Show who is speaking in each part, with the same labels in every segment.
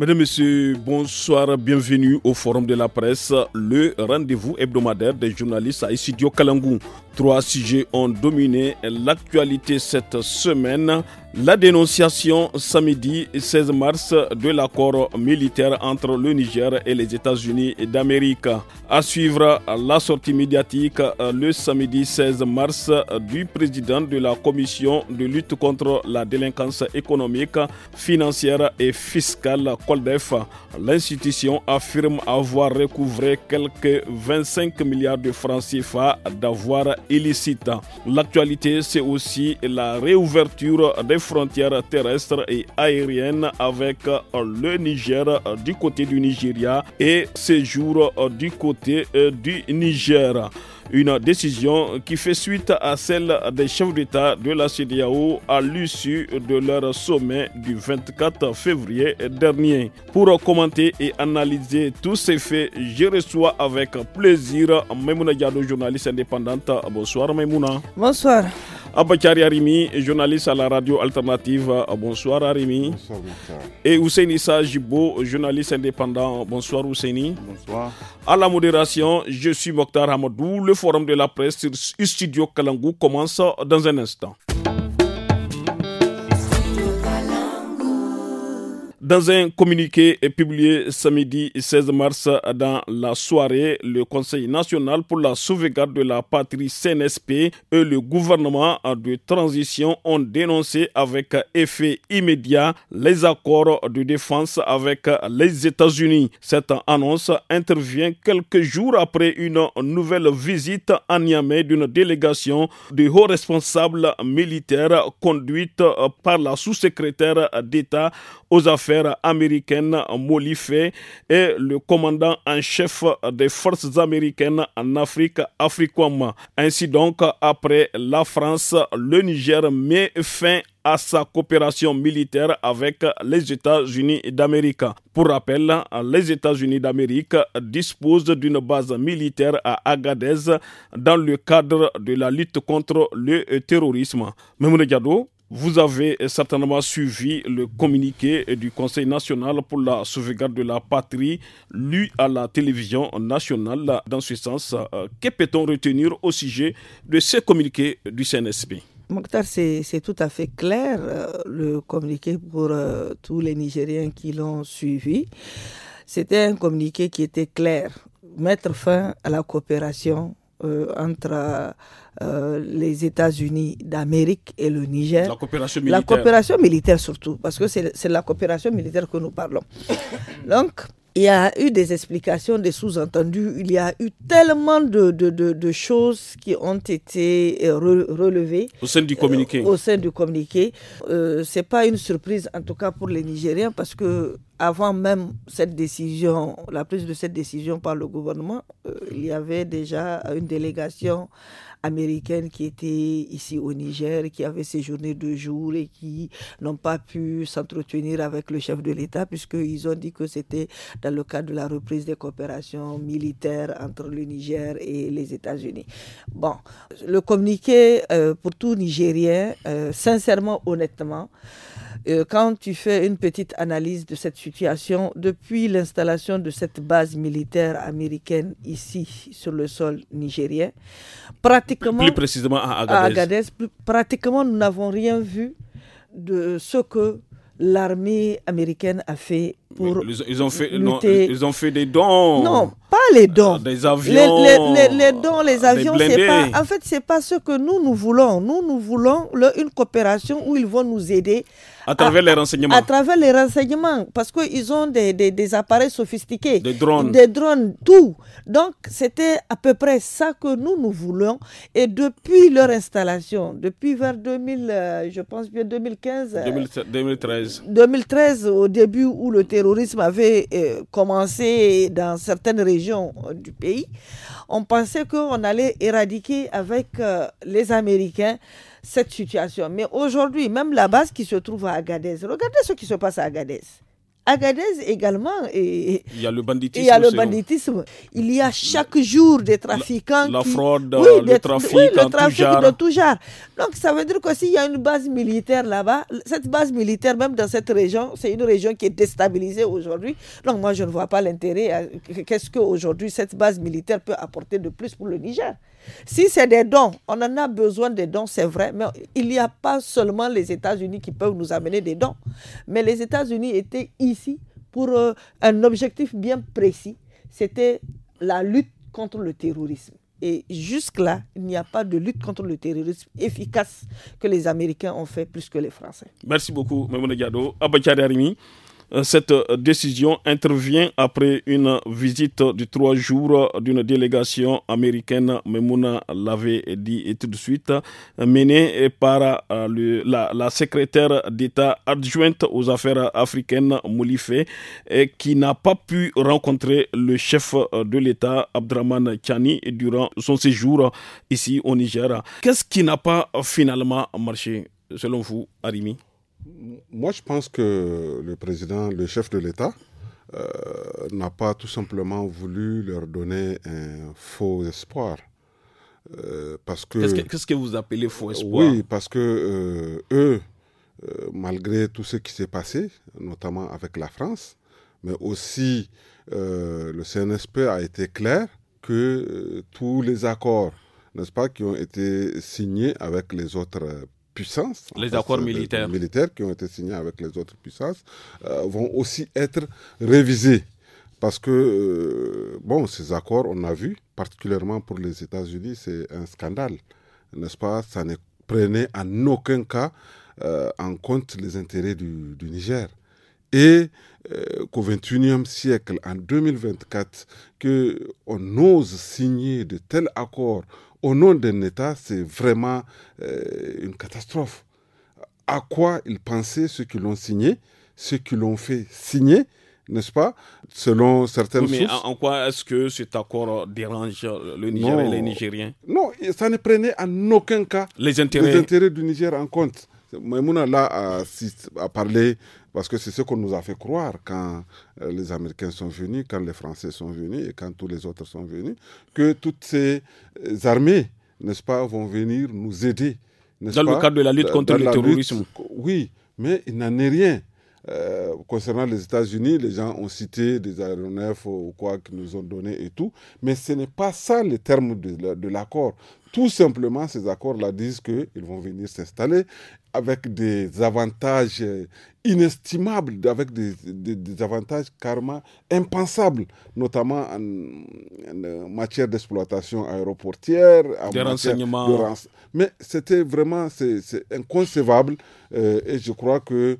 Speaker 1: Mesdames, Messieurs, bonsoir, bienvenue au Forum de la presse, le rendez-vous hebdomadaire des journalistes à Isidio Kalangou. Trois sujets ont dominé l'actualité cette semaine. La dénonciation samedi 16 mars de l'accord militaire entre le Niger et les États-Unis d'Amérique. À suivre la sortie médiatique le samedi 16 mars du président de la commission de lutte contre la délinquance économique, financière et fiscale Coldef. L'institution affirme avoir recouvré quelques 25 milliards de francs CFA d'avoir illicite. L'actualité, c'est aussi la réouverture des frontières terrestres et aériennes avec euh, le Niger euh, du côté du Nigeria et séjour euh, du côté du Niger. Une décision qui fait suite à celle des chefs d'État de la CDAO à l'issue de leur sommet du 24 février dernier. Pour commenter et analyser tous ces faits, je reçois avec plaisir Maimouna Diado, journaliste indépendante. Bonsoir Maimouna. Bonsoir. Abakari Arimi, journaliste à la radio alternative. Bonsoir Arimi. Bonsoir, Et Ousseini Sajibo, journaliste indépendant. Bonsoir Ousseini. Bonsoir. À la modération, je suis Mokhtar Hamadou, forum de la presse sur Studio Kalangu commence dans un instant. Dans un communiqué publié samedi 16 mars dans la soirée, le Conseil national pour la sauvegarde de la patrie CNSP et le gouvernement de transition ont dénoncé avec effet immédiat les accords de défense avec les États-Unis. Cette annonce intervient quelques jours après une nouvelle visite à Niamey d'une délégation de hauts responsables militaires conduite par la sous-secrétaire d'État aux affaires américaine Molly est et le commandant en chef des forces américaines en Afrique, Africom. Ainsi donc, après la France, le Niger met fin à sa coopération militaire avec les États-Unis d'Amérique. Pour rappel, les États-Unis d'Amérique disposent d'une base militaire à Agadez dans le cadre de la lutte contre le terrorisme. Même vous avez certainement suivi le communiqué du Conseil national pour la sauvegarde de la patrie, lu à la télévision nationale. Dans ce sens, euh, que peut-on retenir au sujet de ce communiqué du CNSP
Speaker 2: Mokhtar, c'est tout à fait clair, euh, le communiqué pour euh, tous les Nigériens qui l'ont suivi. C'était un communiqué qui était clair. Mettre fin à la coopération euh, entre euh, les États-Unis d'Amérique et le Niger. La coopération militaire. La coopération militaire surtout, parce que c'est la coopération militaire que nous parlons. Donc, il y a eu des explications, des sous-entendus, il y a eu tellement de, choses qui ont été euh, relevées.
Speaker 1: Au sein du communiqué. Euh, au
Speaker 2: sein du communiqué. Euh, Ce n'est pas une surprise, en tout cas pour les Nigériens, parce que avant même cette décision, la prise de cette décision par le gouvernement, il y avait déjà une délégation américaines qui étaient ici au Niger, qui avaient séjourné deux jours et qui n'ont pas pu s'entretenir avec le chef de l'État, puisqu'ils ont dit que c'était dans le cadre de la reprise des coopérations militaires entre le Niger et les États-Unis. Bon, le communiqué euh, pour tout Nigérien, euh, sincèrement, honnêtement, euh, quand tu fais une petite analyse de cette situation, depuis l'installation de cette base militaire américaine ici sur le sol nigérien, pratiquement... Plus précisément à Agadez. pratiquement, nous n'avons rien vu de ce que l'armée américaine a fait
Speaker 1: ils, ont fait, non, ils ont fait des
Speaker 2: dons. Non, pas les dons. Euh,
Speaker 1: des avions. Les,
Speaker 2: dons, les avions, c'est pas. En fait, c'est pas ce que nous nous voulons. Nous nous voulons une coopération où ils vont nous aider. À travers les renseignements. À, travers les renseignements, parce qu'ils ont des, des, appareils sophistiqués. Des drones. Des drones, tout. Donc, c'était à peu près ça que nous, nous voulons. Et depuis leur installation, depuis vers 2000, euh, je pense bien 2015.
Speaker 1: 2013.
Speaker 2: 2013, au début où le terrorisme avait euh, commencé dans certaines régions euh, du pays, on pensait qu'on allait éradiquer avec euh, les Américains cette situation. Mais aujourd'hui, même la base qui se trouve à Agadez, regardez ce qui se passe à Agadez. Agadez également. Et,
Speaker 1: il y a le banditisme. Il y a le
Speaker 2: hein. Il y chaque jour des trafiquants. La, la fraude, le, trafic de tout genre. Donc ça veut dire que s'il y a une base militaire là-bas, cette base militaire, même dans cette région, c'est une région qui est déstabilisée aujourd'hui. Donc moi, je ne vois pas l'intérêt. Qu'est-ce qu'aujourd'hui cette base militaire peut apporter de plus pour le Niger si c'est des dons, on en a besoin des dons, c'est vrai, mais il n'y a pas seulement les États-Unis qui peuvent nous amener des dons. Mais les États-Unis étaient ici pour euh, un objectif bien précis, c'était la lutte contre le terrorisme. Et jusque-là, il n'y a pas de lutte contre le terrorisme efficace que les Américains ont fait plus que les Français.
Speaker 1: Merci beaucoup, Mme Gado. Euh, cette euh, décision intervient après une visite de trois jours euh, d'une délégation américaine, Memouna l'avait dit et tout de suite, menée par la, secrétaire d'État adjointe aux affaires africaines, Moulife, qui n'a pas pu rencontrer le chef de l'État, Abdraman Chani, durant son séjour ici au Niger. Qu'est-ce qui n'a pas finalement marché, selon vous, Arimi
Speaker 3: moi, je pense que le président, le chef de l'État, euh, n'a pas tout simplement voulu leur donner un faux espoir. Euh, parce que
Speaker 1: qu'est-ce que, vous appelez faux espoir Oui,
Speaker 3: parce que euh, eux, malgré tout ce qui s'est passé, notamment avec la France, mais aussi le CNSP a été clair que tous les accords n'est-ce pas, qui ont été signés avec les autres puissances, les accords euh, militaires. qui ont été signés avec les autres puissances, euh, vont aussi être révisés. Parce que, euh, bon, ces accords, on a vu, particulièrement pour les États-Unis, c'est un scandale, n'est-ce pas Ça ne prenait en aucun cas en compte les intérêts du, du Niger. Et euh, qu'au XXIe siècle, en 2024, qu'on ose signer de tels accords au nom d'un État, c'est vraiment euh, une catastrophe. À quoi ils pensaient ceux qui l'ont signé, ceux qui l'ont fait signer, n'est-ce pas Selon certaines sources... mais
Speaker 1: En quoi est-ce que cet accord dérange le Niger et les Nigériens
Speaker 3: Non, ça ne prenait en aucun cas les intérêts, du Niger en compte. Maïmouna là a, a, parlé parce que c'est ce qu'on nous a fait croire quand euh, les Américains sont venus, quand les Français sont venus et quand tous les autres sont venus, que toutes ces euh, armées, n'est-ce pas, vont venir nous aider. Dans le cadre de la lutte contre le terrorisme. oui, mais il n'en est rien. Euh, concernant les États-Unis, les gens ont cité des aéronefs ou quoi qu'ils nous ont donné et tout, mais ce n'est pas ça le terme de l'accord. Tout simplement, ces accords-là disent qu'ils vont venir s'installer avec des avantages euh, inestimables, avec des, avantages carrément impensables, notamment en, euh, matière d'exploitation aéroportière, en des Mais c'était vraiment c'est inconcevable euh, et je crois que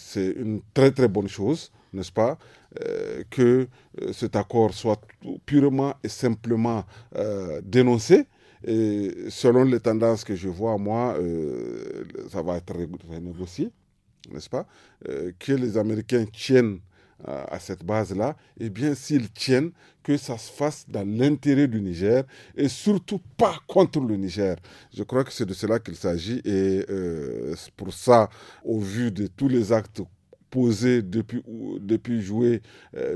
Speaker 3: c'est une très très bonne chose, n'est-ce pas que cet accord soit purement et simplement dénoncé et selon les tendances que je vois, moi, euh, ça va être négocié, n'est-ce pas euh, Que les Américains tiennent euh, à cette base-là, et bien s'ils tiennent, que ça se fasse dans l'intérêt du Niger et surtout pas contre le Niger. Je crois que c'est de cela qu'il s'agit et pour ça, au vu de tous les actes posés depuis, depuis juillet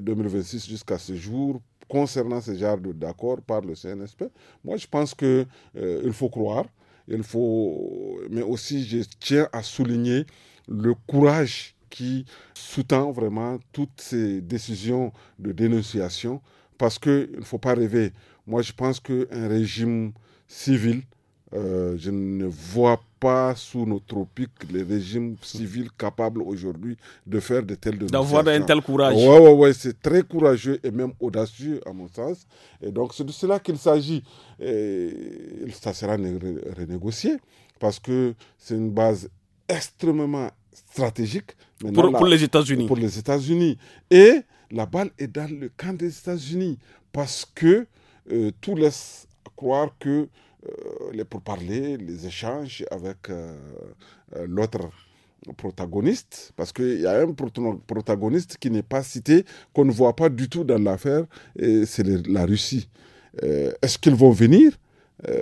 Speaker 3: 2026 jusqu'à ce jour, concernant ce genre d'accord par le CNSP. Moi, je pense qu'il euh, faut croire, il faut, mais aussi je tiens à souligner le courage qui sous-tend vraiment toutes ces décisions de dénonciation, parce qu'il ne faut pas rêver. Moi, je pense qu'un régime civil euh, je ne vois pas sous nos tropiques les régimes civils capables aujourd'hui de faire de telles D'avoir un tel courage. Oui, oui, ouais, c'est très courageux et même audacieux à mon sens. Et donc c'est de cela qu'il s'agit. Et ça sera renégocié parce que c'est une base extrêmement stratégique. Pour, les États-Unis. Pour les États-Unis. Et la balle est dans le camp des États-Unis parce que euh, tout laisse croire que euh, les pourparlers, les échanges avec euh, euh, l'autre protagoniste, parce qu'il y a un protagoniste qui n'est pas cité, qu'on ne voit pas du tout dans l'affaire, c'est la Russie. Est-ce qu'ils vont venir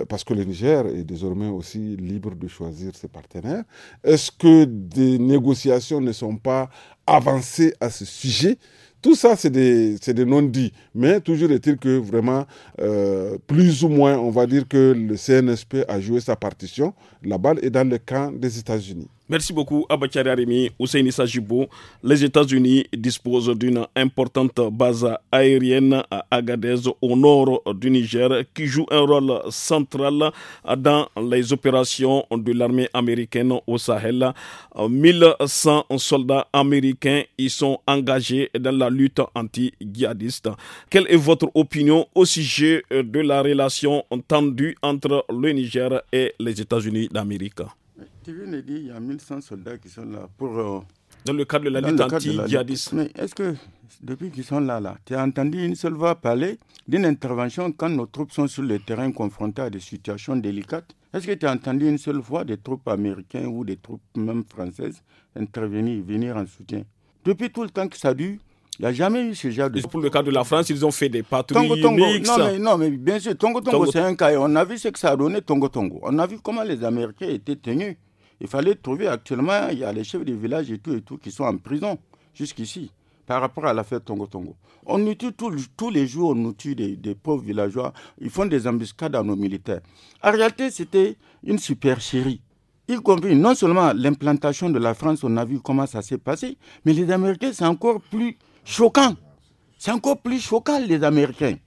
Speaker 3: parce que le Niger est désormais aussi libre de choisir ses partenaires. Est-ce que des négociations ne sont pas avancées à ce sujet tout ça, c'est des, des non-dits. Mais toujours est-il que vraiment, euh, plus ou moins, on va dire que le CNSP a joué sa partition. La balle est dans le camp des États-Unis.
Speaker 1: Merci beaucoup, Abachari Arimi, Hussein Sajibou. Les États-Unis disposent d'une importante base aérienne à Agadez, au nord du Niger, qui joue un rôle central dans les opérations de l'armée américaine au Sahel. 1100 soldats américains y sont engagés dans la lutte anti-djihadiste. Quelle est votre opinion au sujet de la relation tendue entre le Niger et les États-Unis d'Amérique?
Speaker 4: Tu viens de dire qu'il y a 1100 soldats qui sont là pour. Euh,
Speaker 1: dans le cadre de la lutte anti Mais
Speaker 4: est-ce que, depuis qu'ils sont là, là tu as entendu une seule voix parler d'une intervention quand nos troupes sont sur le terrain confrontées à des situations délicates Est-ce que tu as entendu une seule fois des troupes américaines ou des troupes même françaises intervenir, venir en soutien Depuis tout le temps que ça dure, il n'y a jamais eu ce genre de. Pour le cas de la France, ils ont fait des patrouilles Tongo, Non, mais, non, mais bien sûr, Tongo Tongo, c'est un cas. On a vu ce que ça a donné Tongo Tongo. On a vu comment les Américains étaient tenus. Il fallait trouver actuellement, il y a les chefs des villages et tout et tout qui sont en prison jusqu'ici par rapport à l'affaire Tongo Tongo. On nous tue tous les jours, on nous tue des, pauvres villageois, ils font des embuscades à nos militaires. En réalité, c'était une supercherie. Y compris non seulement l'implantation de la France, on a vu comment ça s'est passé, mais les Américains, c'est encore plus choquant. C'est encore plus choquant, les Américains.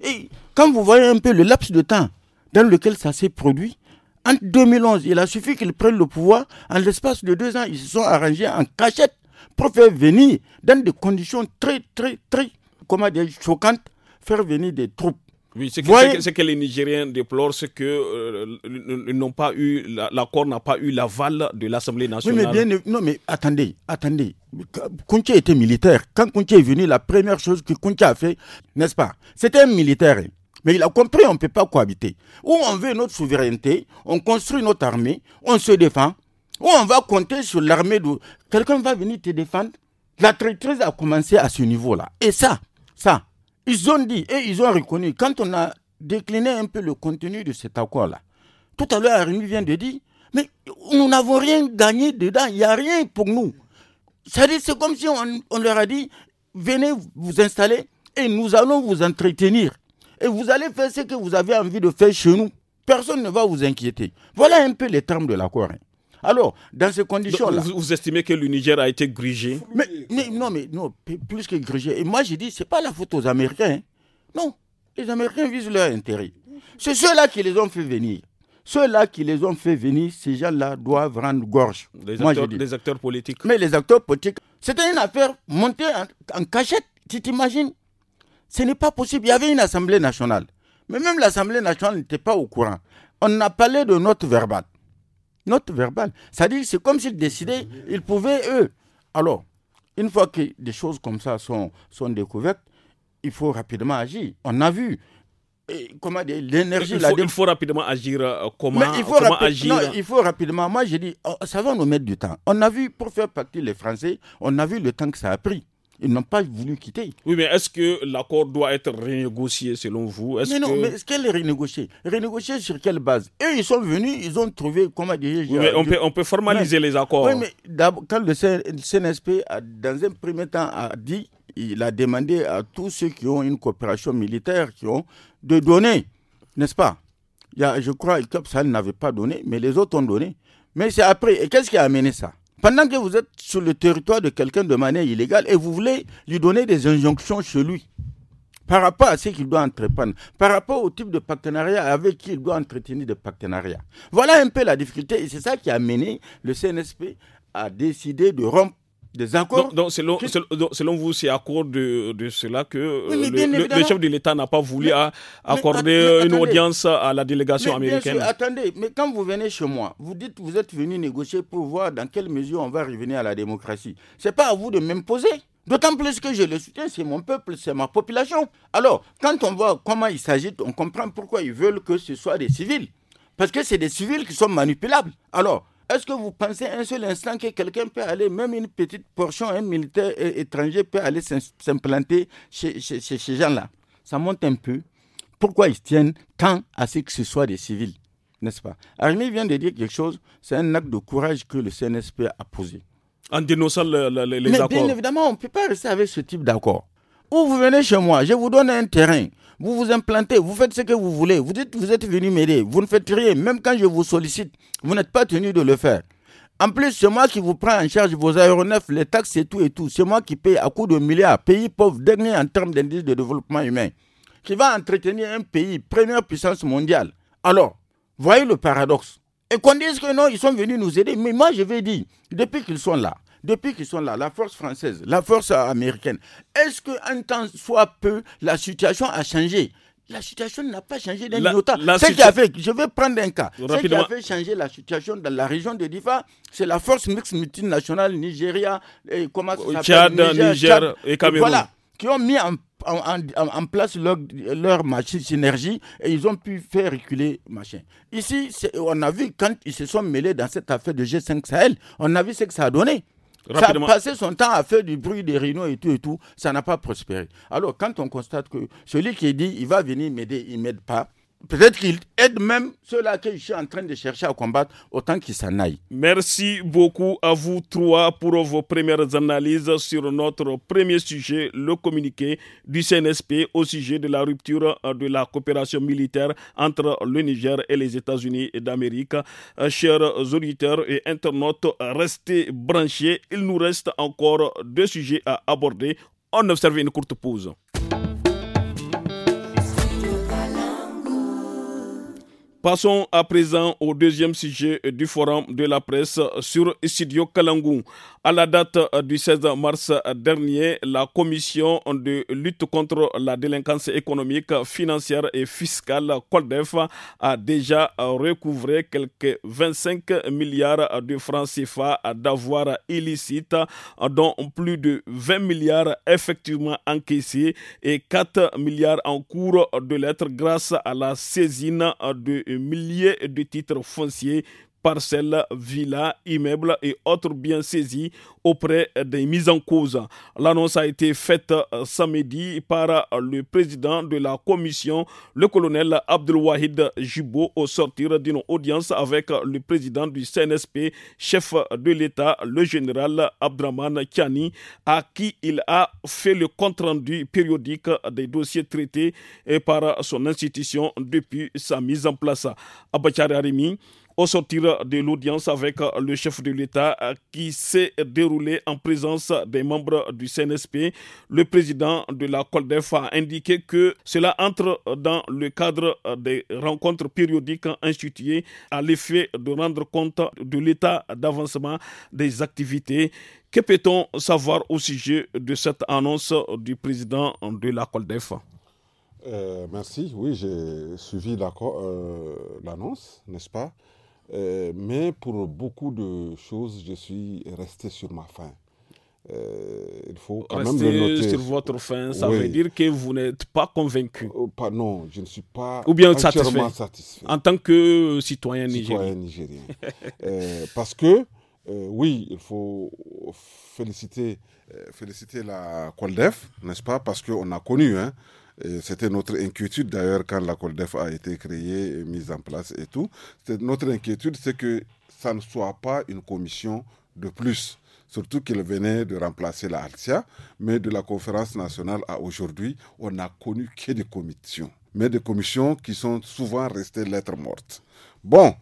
Speaker 4: Et quand vous voyez un peu le laps de temps dans lequel ça s'est produit, en 2011, il a suffi qu'ils prennent le pouvoir. En l'espace de deux ans, ils se sont arrangés en cachette pour faire venir, dans des conditions très, très, très, comment dire, choquantes, faire venir des troupes.
Speaker 1: Oui, ce que, les Nigériens déplorent, c'est que euh, l'accord n'a pas eu l'aval de l'Assemblée nationale. Oui, mais
Speaker 4: bien, non, mais attendez, attendez. Kunche était militaire. Quand Kunche est venu, la première chose que Kunche a fait, n'est-ce pas C'était un militaire. Hein. Mais il a compris, on ne peut pas cohabiter. Où on veut notre souveraineté, on construit notre armée, on se défend. ou on va compter sur l'armée de... Quelqu'un va venir te défendre. La traîtrise a commencé à ce niveau-là. Et ça, ça, ils ont dit et ils ont reconnu. Quand on a décliné un peu le contenu de cet accord-là, tout à l'heure, Arimi vient de dire, mais nous n'avons rien gagné dedans, il n'y a rien pour nous. cest à c'est comme si on leur a dit, venez vous installer et nous allons vous entretenir. Et vous allez faire ce que vous avez envie de faire chez nous. Personne ne va vous inquiéter. Voilà un peu les termes de l'accord. Hein. Alors, dans ces conditions-là. Vous,
Speaker 1: estimez que le Niger a été grigé
Speaker 4: mais, Non, mais non, plus que grigé. Et moi, je dis, ce n'est pas la faute aux Américains. Hein. Non, les Américains visent leur intérêt. C'est ceux-là qui les ont fait venir. Ceux-là qui les ont fait venir, ces gens-là doivent rendre gorge. Les, acteurs, acteurs politiques. Mais les acteurs politiques, c'était une affaire montée en cachette, tu t'imagines ce n'est pas possible. Il y avait une assemblée nationale. Mais même l'assemblée nationale n'était pas au courant. On a parlé de notes verbales. Notes verbales. C'est-à-dire, c'est comme s'ils décidaient, ils pouvaient, eux. Alors, une fois que des choses comme ça sont, sont découvertes, il faut rapidement agir. On a vu
Speaker 1: comment l'énergie. Il, faut, rapidement agir. Euh, comment, il faut agir Il
Speaker 4: faut rapidement. Moi, j'ai dit, oh, ça va nous mettre du temps. On a vu, pour faire partie les Français, on a vu le temps que ça a pris. Ils n'ont pas voulu quitter.
Speaker 1: Oui, mais est-ce que l'accord
Speaker 4: doit être renégocié selon vous Mais non, mais est-ce qu'elle est renégociée Renégociée sur quelle base Eux, ils sont venus, ils ont trouvé comment dire. Oui, on, peut, formaliser
Speaker 1: les accords. Oui, mais
Speaker 4: quand le CNSP, a, dans un premier temps, a dit, il a demandé à tous ceux qui ont une coopération militaire, qui ont, de donner, n'est-ce pas il y Je crois que ça n'avait pas donné, mais les autres ont donné. Mais c'est après. Et qu'est-ce qui a amené ça pendant que vous êtes sur le territoire de quelqu'un de manière illégale et vous voulez lui donner des injonctions chez lui par rapport à ce qu'il doit entreprendre, par rapport au type de partenariat avec qui il doit entretenir des partenariats. Voilà un peu la difficulté et c'est ça qui a mené le CNSP à décider de rompre
Speaker 1: des accords. Donc, selon, vous, c'est à cause de, de, cela que euh, le, chef de l'État n'a pas voulu accorder une audience à la délégation américaine.
Speaker 4: attendez, mais quand vous venez chez moi, vous dites vous êtes venu négocier pour voir dans quelle mesure on va revenir à la démocratie. C'est pas à vous de m'imposer. D'autant plus que je le soutiens, c'est mon peuple, c'est ma population. Alors, quand on voit comment il s'agit, on comprend pourquoi ils veulent que ce soit des civils. Parce que c'est des civils qui sont manipulables. Alors, est-ce que vous pensez un seul instant que quelqu'un peut aller, même une petite portion, un militaire euh, étranger peut aller s'implanter chez, ces gens-là Ça monte un peu. Pourquoi ils tiennent tant à ce que ce soit des civils N'est-ce pas Armée vient de dire quelque chose, c'est un acte de courage que le CNSP a posé.
Speaker 1: En dénonçant les Mais Bien
Speaker 4: évidemment, on ne peut pas rester avec ce type d'accord. Ou vous venez chez moi, je vous donne un terrain. Vous vous implantez, vous faites ce que vous voulez. Vous dites, vous êtes venu m'aider. Vous ne faites rien. Même quand je vous sollicite, vous n'êtes pas tenu de le faire. En plus, c'est moi qui vous prends en charge vos aéronefs, les taxes et tout et tout. C'est moi qui paye à coups de milliards. Pays pauvre, dernier en termes d'indice de développement humain. Qui va entretenir un pays, première puissance mondiale. Alors, voyez le paradoxe. Et qu'on dise que non, ils sont venus nous aider. Mais moi, je vais dire, depuis qu'ils sont là, depuis qu'ils sont là, la force française, la force américaine, est-ce que un temps soit peu, la situation a changé la situation n'a pas changé d'un iota. Ce qui a fait, je vais prendre un cas, ce qui a fait changer la situation dans la région de Difa, c'est la force mixte multinationale Nigeria, et comment ça Tchad, Niger, et Cameroun. Voilà, qui ont mis en place leur, leur machine synergie et ils ont pu faire reculer machin. Ici, on a vu quand ils se sont mêlés dans cette affaire de G5 Sahel, on a vu ce que ça a donné. Rapidement. Ça son temps à faire du bruit, des réunions et tout et tout. Ça n'a pas prospéré. Alors, quand on constate que celui qui dit il va venir m'aider, il ne m'aide pas, Peut-être qu'il aide même ceux-là que je suis en
Speaker 1: train de chercher à combattre
Speaker 4: autant qu'ils s'en aillent.
Speaker 1: Merci beaucoup à vous trois pour vos premières analyses sur notre premier sujet, le communiqué du CNSP au sujet de la rupture de la coopération militaire entre le Niger et les États-Unis d'Amérique. Euh, chers auditeurs et internautes, restez branchés. Il nous reste encore deux sujets à aborder. On observe une courte pause. Passons à présent au deuxième sujet du forum de la presse sur Studio Kalangou. À la date du 16 mars dernier, la commission de lutte contre la délinquance économique, financière et fiscale, COLDEF, a déjà recouvré quelques 25 milliards de francs CFA d'avoir illicite, dont plus de 20 milliards effectivement encaissés et 4 milliards en cours de lettres grâce à la saisine de milliers de titres fonciers parcelles, villas, immeubles et autres biens saisis auprès des mises en cause. L'annonce a été faite euh, samedi par euh, le président de la commission, le colonel Abdelwahid Jibo, au sortir d'une audience avec le président du CNSP, chef de l'État, le général Abdraman Kiani, à qui il a fait le compte-rendu périodique des dossiers traités euh, par son institution depuis sa mise en place. Abachar Arimi, au sortir de l'audience avec euh, le chef de l'État euh, qui s'est déroulé en présence des membres du CNSP, le président de la COLDEF a indiqué que cela entre dans le cadre euh, des rencontres périodiques instituées à l'effet de rendre compte de l'état d'avancement des activités. Que peut-on savoir au sujet de cette annonce du président de la COLDEF
Speaker 3: Merci. Oui, j'ai suivi l'annonce, n'est-ce pas euh, mais pour beaucoup de choses, je suis resté sur ma faim. Euh, il faut quand même le noter. sur votre faim, ça veut
Speaker 1: dire que vous n'êtes pas
Speaker 3: convaincu. Euh, pas, non, je ne suis pas Ou bien satisfait. En tant que citoyen, citoyen nigérien. parce que, oui, il faut féliciter, féliciter la Coldef, n'est-ce pas Parce qu'on a connu, hein, c'était notre inquiétude d'ailleurs quand la Coldef a été créée, et mise en place et tout. Notre inquiétude, c'est que ça ne soit pas une commission de plus surtout qu'elle venait de remplacer la Altia, mais de la conférence nationale à aujourd'hui, on n'a connu que des commissions, mais des commissions qui sont souvent restées lettres mortes. Bon,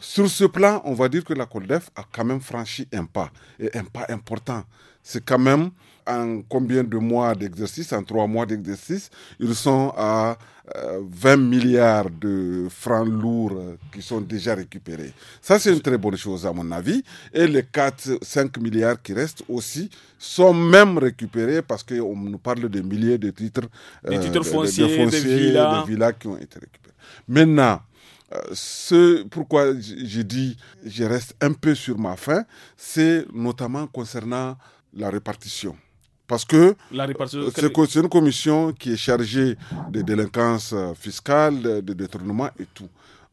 Speaker 3: sur ce plan, on va dire que la COLDEF a quand même franchi un pas, et un pas important. C'est quand même en combien de mois d'exercice, en trois mois d'exercice, ils sont à 20 euh, milliards de francs lourds euh, qui sont déjà récupérés. Ça, c'est une très bonne chose à mon avis. Et les 4-5 milliards qui restent aussi sont même récupérés parce qu'on nous parle de milliers de titres, euh, de titres fonciers, de, villas. qui ont été récupérés. Maintenant, ce pourquoi j'ai dit je reste un peu sur ma faim, c'est notamment concernant la répartition. Parce que euh, c'est une commission qui est chargée euh, de délinquance fiscale, de détournement et tout.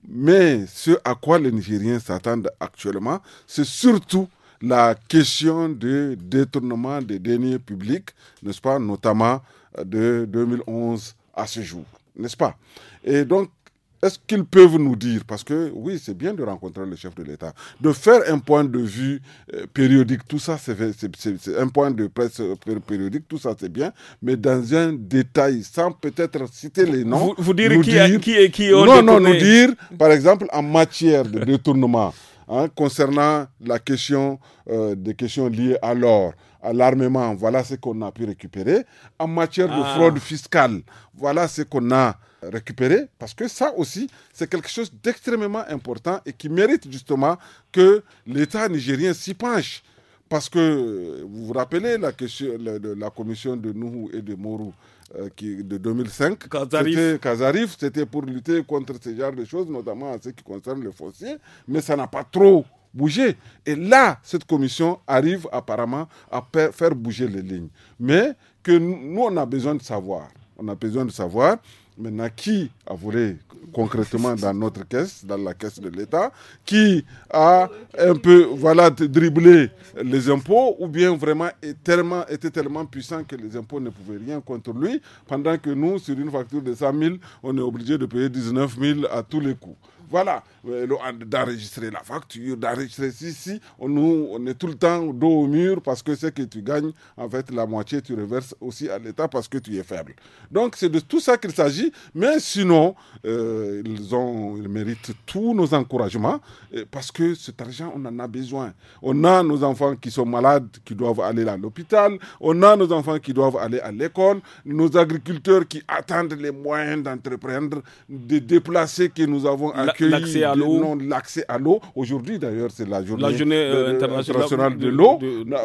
Speaker 3: Mais ce à quoi les Nigériens s'attendent actuellement, c'est surtout la question de détournement des deniers publics, n'est-ce pas, notamment euh, de 2011 à ce jour, n'est-ce pas Et donc, est-ce qu'ils peuvent nous dire, parce que oui, c'est bien de rencontrer le chef de l'État, de faire un point de vue euh, périodique, tout ça, c'est un point de presse euh, périodique, tout ça, c'est bien, mais dans un détail, sans peut-être citer les noms. Vous, vous direz qui, est qui, qui ont Non, non, nous dire, par exemple, en matière de détournement. Hein, concernant la question euh, des questions liées à l'or, à l'armement. Voilà ce qu'on a pu récupérer. En matière de ah. fraude fiscale, voilà ce qu'on a récupéré, parce que ça aussi, c'est quelque chose d'extrêmement important et qui mérite justement que l'État nigérien s'y penche parce que euh, vous vous rappelez la question de la commission de Nuhu et de Mourou euh, qui, de 2005, Kazarif, c'était pour lutter contre ce genre de choses, notamment en ce qui concerne le foncier, mais ça n'a pas trop bougé. Et là, cette commission arrive apparemment à faire bouger les lignes. Mais que nous, on a besoin de savoir. On a besoin de savoir Maintenant, qui a volé concrètement dans notre caisse, dans la caisse de l'État, qui a un peu voilà, dribblé les impôts, ou bien vraiment tellement, était tellement puissant que les impôts ne pouvaient rien contre lui, pendant que nous, sur une facture de 100 000, on est obligé de payer 19 000 à tous les coups. Voilà, euh, d'enregistrer la facture, d'enregistrer si, on, on est tout le temps dos au mur parce que ce que tu gagnes, en fait, la moitié, tu reverses aussi à l'État parce que tu es faible. Donc, c'est de tout ça qu'il s'agit, mais sinon, euh, ils, ont, ils méritent tous nos encouragements parce que cet argent, on en a besoin. On a nos enfants qui sont malades, qui doivent aller à l'hôpital, on a nos enfants qui doivent aller à l'école, nos agriculteurs qui attendent les moyens d'entreprendre, de déplacer que nous avons l'accès à l'eau. Aujourd'hui, d'ailleurs, c'est la journée, euh, euh, internationale, de, l'eau.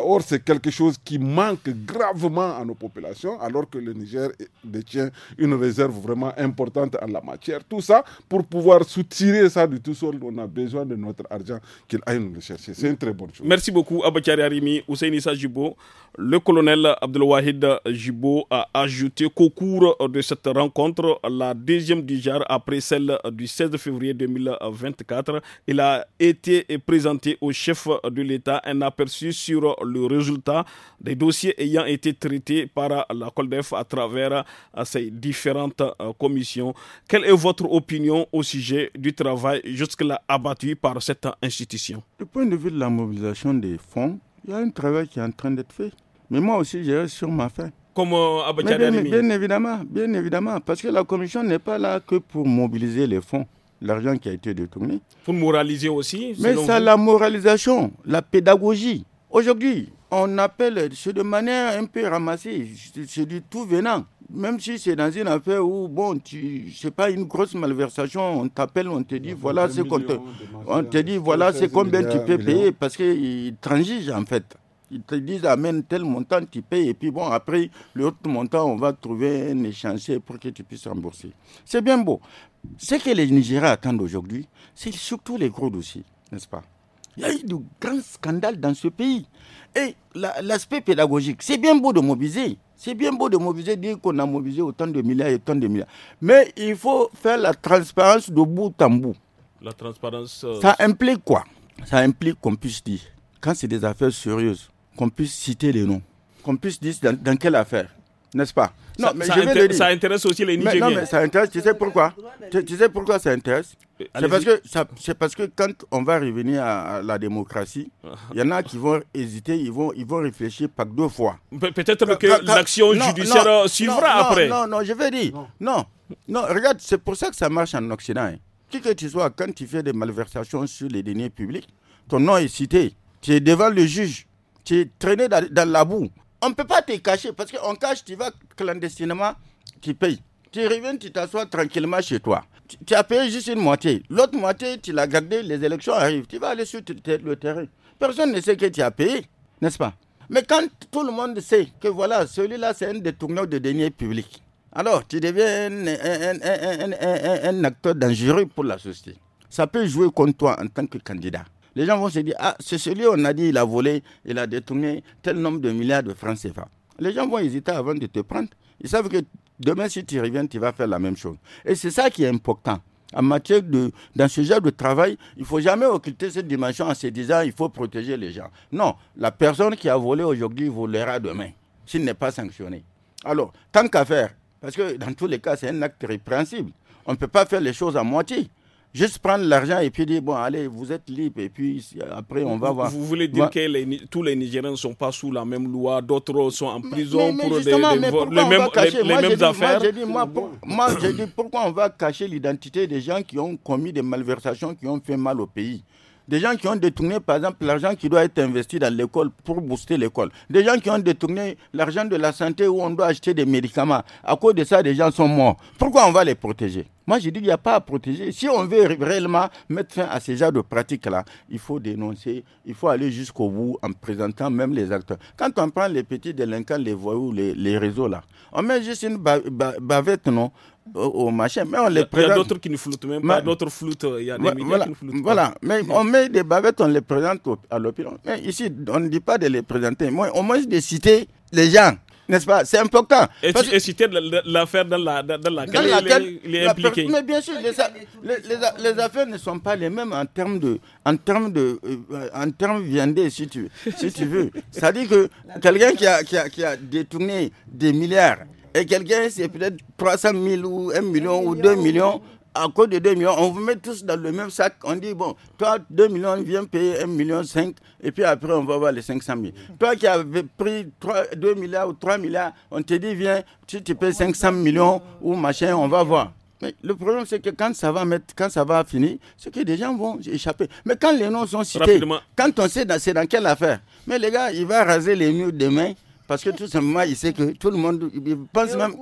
Speaker 3: Or, c'est quelque chose qui manque gravement à nos populations, alors que le Niger détient une réserve vraiment importante en la matière. Tout ça, pour pouvoir soutirer ça du tout seul, on a besoin de notre argent qu'il aille nous le chercher. C'est une très bonne chose.
Speaker 1: Merci beaucoup, Abakari Arimi, Ousseinissa Jibo. Le colonel Abdelwahid Jibo a ajouté qu'au cours de cette rencontre, la deuxième Dijar après celle du 16 février 2024. Il a été présenté au chef de l'État un aperçu sur le résultat des dossiers ayant été traités par la COLDEF à travers ces différentes euh, commissions. Quelle est votre opinion au sujet du travail jusque-là abattu par cette institution
Speaker 4: Du point de vue de la mobilisation des fonds, il y a un travail qui est en train d'être fait. Mais moi aussi, j'ai sur ma faim.
Speaker 1: Comme euh, bien, évidemment,
Speaker 4: bien évidemment, parce que la commission n'est pas là que pour mobiliser les fonds l'argent qui a été détourné.
Speaker 1: Pour moraliser aussi Mais ça, la
Speaker 4: moralisation, la pédagogie. Aujourd'hui, on appelle, c'est de manière un peu ramassée, c'est du tout venant. Même si c'est dans une affaire où, bon, tu, c'est pas une grosse malversation, on t'appelle, on te dit, voilà c'est on te dit, hein. voilà c'est combien tu peux payer, parce qu'ils transigent en fait. Ils te disent, amène tel montant, tu payes, et puis bon, après, l'autre montant, on va trouver un échange pour que tu puisses rembourser. C'est bien beau. Ce que les Nigéras attendent aujourd'hui, c'est surtout les gros dossiers, n'est-ce pas Il y a eu de grands scandales dans ce pays. Et l'aspect pédagogique, c'est bien beau de mobiliser. C'est bien beau de mobiliser, dire qu'on a mobilisé autant de milliards et autant de milliards. Mais il faut faire la transparence de bout en bout.
Speaker 1: La transparence. Euh, Ça implique
Speaker 4: quoi Ça implique qu'on puisse dire, quand c'est des affaires sérieuses, qu'on puisse citer les noms, qu'on puisse dire dans quelle affaire n'est-ce pas Non, ça, mais je dire. ça intéresse
Speaker 1: aussi les Nigériens. non, mais ça
Speaker 4: intéresse, tu sais pourquoi tu, sais pourquoi ça intéresse C'est parce, que, ça, parce que quand on va revenir à, la démocratie, ah. il y en a qui vont hésiter, ils vont, ils vont réfléchir pas deux fois.
Speaker 1: Peut-être que l'action judiciaire suivra après. Non,
Speaker 4: non, je vais dire. Non, non, regarde, c'est pour ça que ça marche en Occident. Hein. Qui que tu sois, quand tu fais des malversations sur les deniers publics, ton nom est cité. Tu es devant le juge. Tu es traîné dans la boue. On ne peut pas te cacher parce qu'on cache, tu vas clandestinement, tu payes. Tu reviens, tu t'assois tranquillement chez toi. Tu, as payé juste une moitié. L'autre moitié, tu l'as gardée, les élections arrivent. Tu vas aller sur le terrain. Personne ne sait que tu as payé, n'est-ce pas Mais quand tout le monde sait que voilà, celui-là, c'est un détourneur de deniers publics, alors tu deviens un acteur dangereux pour la société. Ça peut jouer contre toi en tant que candidat. Les gens vont se dire, ah, c'est celui on a dit, il a volé, il a détourné tel nombre de milliards de francs CFA. Les gens vont hésiter avant de te prendre. Ils savent que demain, si tu reviens, tu vas faire la même chose. Et c'est ça qui est important. En matière de, dans ce genre de travail, il ne faut jamais occulter cette dimension en se disant il faut protéger les gens. Non, la personne qui a volé aujourd'hui volera demain, s'il n'est pas sanctionné. Alors, tant qu'à faire, parce que dans tous les cas, c'est un acte répréhensible. On ne peut pas faire les choses à moitié. Juste prendre l'argent et puis dire, bon, allez,
Speaker 1: vous êtes libre. Et puis après, on va voir. Vous voulez dire que tous les Nigériens ne sont pas sous la même loi, d'autres sont en prison pour les mêmes affaires.
Speaker 4: Moi, je dis, pourquoi on va cacher l'identité des gens qui ont commis des malversations, qui ont fait mal au pays des gens qui ont détourné, par exemple, l'argent qui doit être investi dans l'école pour booster l'école. Des gens qui ont détourné l'argent de la santé où on doit acheter des médicaments. À cause de ça, des gens sont morts. Pourquoi on va les protéger moi, je dis qu'il n'y a pas à protéger. Si on veut réellement mettre fin à ces genres de pratiques-là, il faut dénoncer, il faut aller jusqu'au bout en présentant même les acteurs. Quand on prend les petits délinquants, les voyous, les, réseaux-là, on met juste une bavette, non au, machin. Mais on les présente. Il y a d'autres qui
Speaker 1: nous floutent même pas, d'autres floutent. Il y a des voilà, qui floutent
Speaker 4: mais on met des baguettes, on les présente à l'opinion. Mais ici, on ne dit pas de les présenter. Moi, au moins de citer les gens. N'est-ce pas C'est important.
Speaker 1: Et, citer l'affaire dans, la, dans,
Speaker 4: laquelle, il, est, impliqué. Mais bien sûr, les, les, affaires ne sont pas les mêmes en termes de, en termes de, euh, en termes viandés, si tu, si tu veux. cest à que quelqu'un qui a, qui, a, qui a détourné des milliards et quelqu'un, c'est mm-hmm. peut-être 300 000 ou 1 million, ou 2 millions. À cause de 2 millions, on vous met tous dans le même sac. On dit, bon, toi, 2 millions, viens payer 1 million 5, et puis après, on va voir les 500 000. Mm-hmm. Toi qui avais pris 2 milliards ou 3 milliards, on te dit, viens, tu tu payes 500 millions ou machin, on va voir. Mais le problème, c'est que quand ça va mettre, quand ça va finir, c'est que des gens vont échapper. Mais quand les noms sont cités, quand on sait c'est dans quelle affaire, mais les gars, il va raser les murs demain. Parce que tout simplement, il sait que tout le monde, il pense même,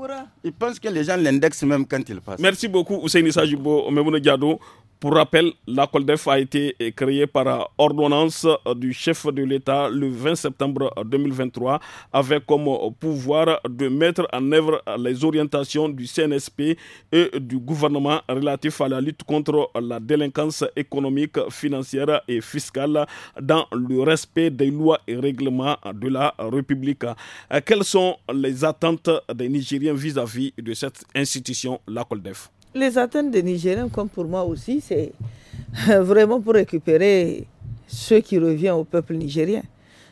Speaker 4: il pense que les gens l'indexent
Speaker 1: même quand ils passent. Merci beaucoup, Ousseini Sajibo, Omemoune Diado. Pour rappel, la COLDEF a été créée par ordonnance du chef de l'État le 20 septembre 2023 avec comme pouvoir de mettre en œuvre les orientations du CNSP et du gouvernement relatif à la lutte contre la délinquance économique, financière et fiscale dans le respect des lois et règlements de la République. Quelles sont les attentes des Nigériens vis à -vis de cette institution, la COLDEF
Speaker 2: les atteintes des Nigériens, comme pour moi aussi, c'est euh, vraiment pour récupérer ce qui revient au peuple nigérien.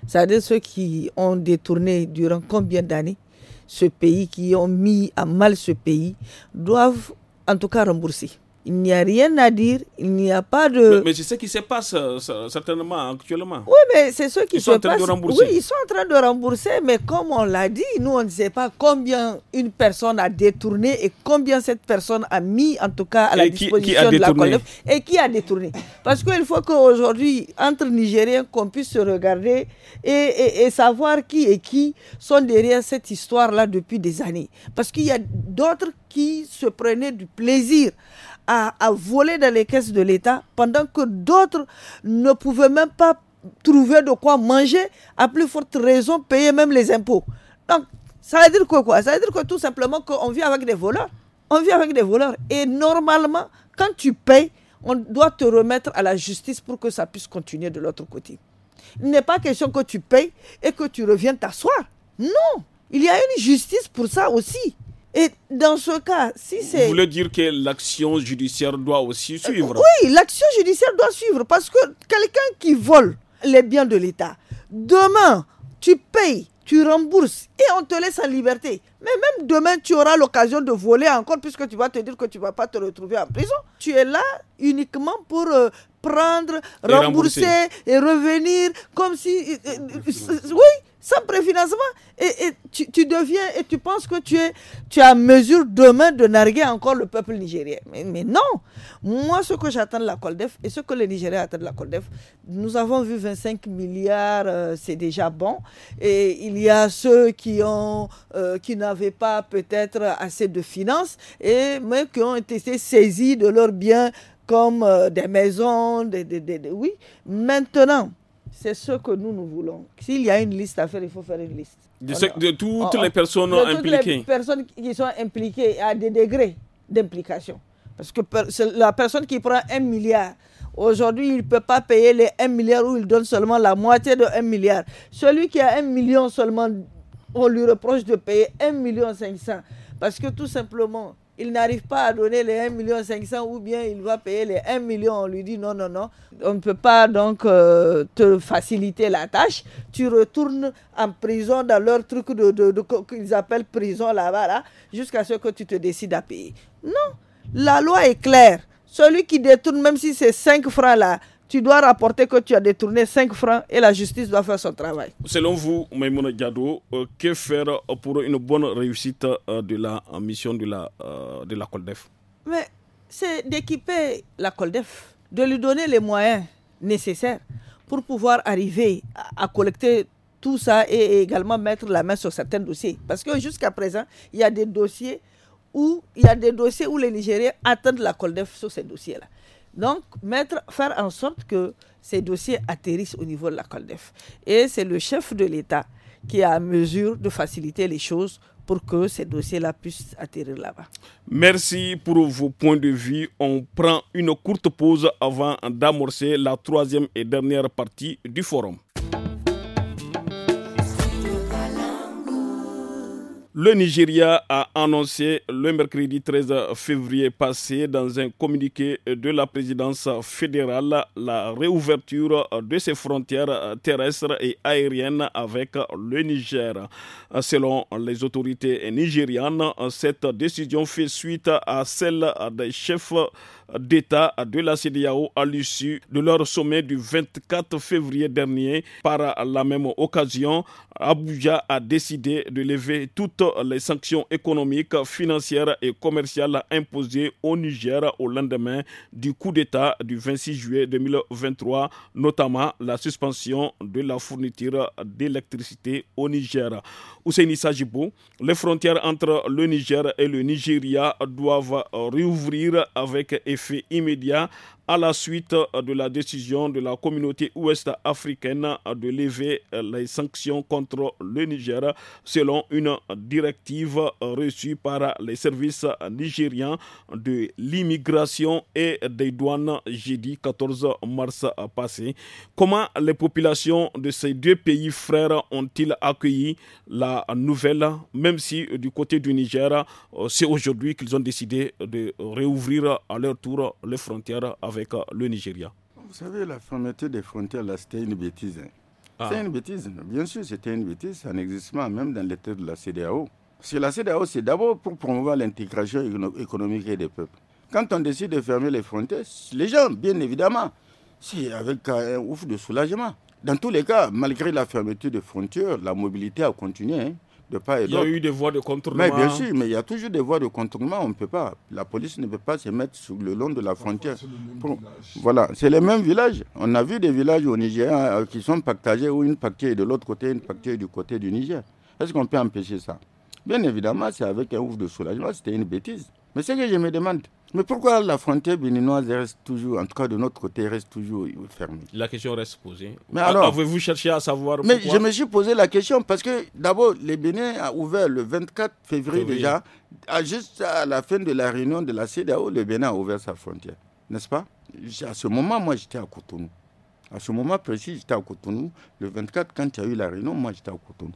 Speaker 2: C'est-à-dire ceux qui ont détourné durant combien d'années ce pays, qui ont mis à mal ce pays, doivent en tout cas rembourser. Il n'y a rien à dire, il n'y a pas de. Mais, je
Speaker 1: c'est ce qui se passe euh, certainement actuellement. Oui, mais c'est ceux qui se Ils sont en train de rembourser. Oui, ils sont
Speaker 2: en train de rembourser, mais comme on l'a dit, nous, on ne sait pas combien une personne a détourné et combien cette personne a mis, en tout cas, à la disposition de la collecte et qui a détourné. Parce qu'il faut qu'aujourd'hui, entre Nigériens, qu'on puisse se regarder et savoir qui et qui sont derrière cette histoire-là depuis des années. Parce qu'il y a d'autres qui se prenaient du plaisir à, voler dans les caisses de l'État pendant que d'autres ne pouvaient même pas trouver de quoi manger, à plus forte raison payer même les impôts. Donc, ça veut dire quoi Ça veut dire que tout simplement qu'on vit avec des voleurs. On vit avec des voleurs. Et normalement, quand tu payes, on doit te remettre à la justice pour que ça puisse continuer de l'autre côté. Il n'est pas question que tu payes et que tu reviennes t'asseoir. Non, il y a une justice pour ça aussi. Et dans ce cas, si c'est... Vous voulez
Speaker 1: dire que l'action judiciaire doit aussi euh, suivre Oui,
Speaker 2: l'action judiciaire doit suivre parce que quelqu'un qui vole les biens de l'État, demain, tu payes, tu rembourses et on te laisse en liberté. Mais même demain, tu auras l'occasion de voler encore puisque tu vas te dire que tu ne vas pas te retrouver en prison. Tu es là uniquement pour euh, prendre, rembourser, et, revenir comme si... Euh, oui sans préfinancement. Et, tu, deviens, et tu penses que tu es, tu as mesure demain de narguer encore le peuple nigérien. Mais, non Moi, ce que j'attends de la Coldef et ce que les Nigériens attendent de la Coldef, nous avons vu 25 milliards, euh, c'est déjà bon. Et il y a ceux qui ont, euh, qui n'avaient pas peut-être assez de finances, et, mais qui ont été saisis de leurs biens comme euh, des maisons, des, oui. Maintenant, c'est ce que nous, nous voulons. S'il y a une liste à faire, il faut faire une liste.
Speaker 1: De, toutes les personnes de toutes Les
Speaker 2: personnes qui sont impliquées à des degrés d'implication. Parce que la personne qui prend un milliard, aujourd'hui, il ne peut pas payer les 1 milliard ou il donne seulement la moitié de 1 milliard. Celui qui a 1 million seulement, on lui reproche de payer 1 million 500. Parce que tout simplement, il n'arrive pas à donner les 1 million ou bien il doit payer les 1 million. On lui dit non, non, non, on ne peut pas donc euh, te faciliter la tâche. Tu retournes en prison dans leur truc de, de, qu'ils appellent prison là-bas, là, jusqu'à ce que tu te décides à payer. Non, la loi est claire. Celui qui détourne, même si c'est 5 francs là, tu dois rapporter que tu as détourné 5 francs et la justice doit faire son travail.
Speaker 1: Selon vous, Maïmouna Diadou, euh, que faire euh, pour une bonne réussite euh, de la mission de la, de la Coldef
Speaker 2: Mais c'est d'équiper la Coldef, de lui donner les moyens nécessaires pour pouvoir arriver à, collecter tout ça et, également mettre la main sur certains dossiers. Parce que jusqu'à présent, il y a des dossiers où il y a des dossiers où les Nigériens attendent la Coldef sur ces dossiers-là. Donc, faire en sorte que ces dossiers atterrissent au niveau de la COLDEF. Et c'est le chef de l'État qui est à mesure de faciliter les choses pour que ces dossiers-là puissent atterrir là-bas.
Speaker 1: Merci pour vos points de vue. On prend une courte pause avant d'amorcer la troisième et dernière partie du forum. Le Nigeria a annoncé le mercredi 13 février passé dans un communiqué de la présidence fédérale la réouverture de ses frontières terrestres et aériennes avec le Niger. Selon les autorités nigérianes, cette décision fait suite à celle des chefs d'État de la CDAO à l'issue de leur sommet du 24 février dernier. Par la même occasion, Abuja a décidé de lever toute les sanctions économiques, financières et commerciales imposées au Niger au lendemain du coup d'État du 26 juillet 2023, notamment la suspension de la fourniture d'électricité au Niger. Ousseini Sajibou, les frontières entre le Niger et le Nigeria doivent réouvrir avec effet immédiat à la suite euh, de la décision de la communauté ouest africaine euh, de lever euh, les sanctions contre le Niger selon une directive reçue par les services nigériens de l'immigration et des douanes jeudi 14 mars passé. Comment les populations de ces deux pays frères ont-ils accueilli la nouvelle, même si du côté du Niger, c'est aujourd'hui qu'ils ont décidé de réouvrir à leur tour les frontières africaines avec le Nigeria
Speaker 4: Vous savez, la fermeture des frontières, là, c'était une bêtise. Hein. Ah. C'est une bêtise. Bien sûr, c'était une bêtise. Ça n'existe même dans les de la CDAO. Parce la CDAO, c'est d'abord pour promouvoir l'intégration économique des peuples. Quand on décide de fermer les frontières, les gens, bien évidemment, c'est avec un ouf de soulagement. Dans tous les cas, malgré la fermeture des frontières, la mobilité a continué. Hein. Il y a eu
Speaker 1: des voies de contournement. Mais bien sûr,
Speaker 4: mais il y a toujours des voies de contournement. On peut pas. La police ne peut pas se mettre le long de la frontière. Voilà, c'est les mêmes villages. On a vu des villages au Niger euh, qui sont partagés où une partie est de l'autre côté, une partie du côté du Niger. Est-ce qu'on peut empêcher ça Bien évidemment, c'est avec un ouf de soulagement. C'était une bêtise. Mais ce que je me demande, mais pourquoi la frontière béninoise reste toujours, en tout cas de notre côté, reste toujours
Speaker 1: fermée La question reste posée. Mais alors, ah, avez-vous cherché à savoir Mais je me
Speaker 4: suis posé la question parce que d'abord, le Bénin a ouvert le 24 février déjà, juste à la fin de la réunion de la CEDAO, le Bénin a ouvert sa frontière, n'est-ce pas À ce moment, moi, j'étais à Cotonou. À ce moment précis, j'étais à Cotonou. Le 24, quand il y a eu la réunion, moi, j'étais à Cotonou.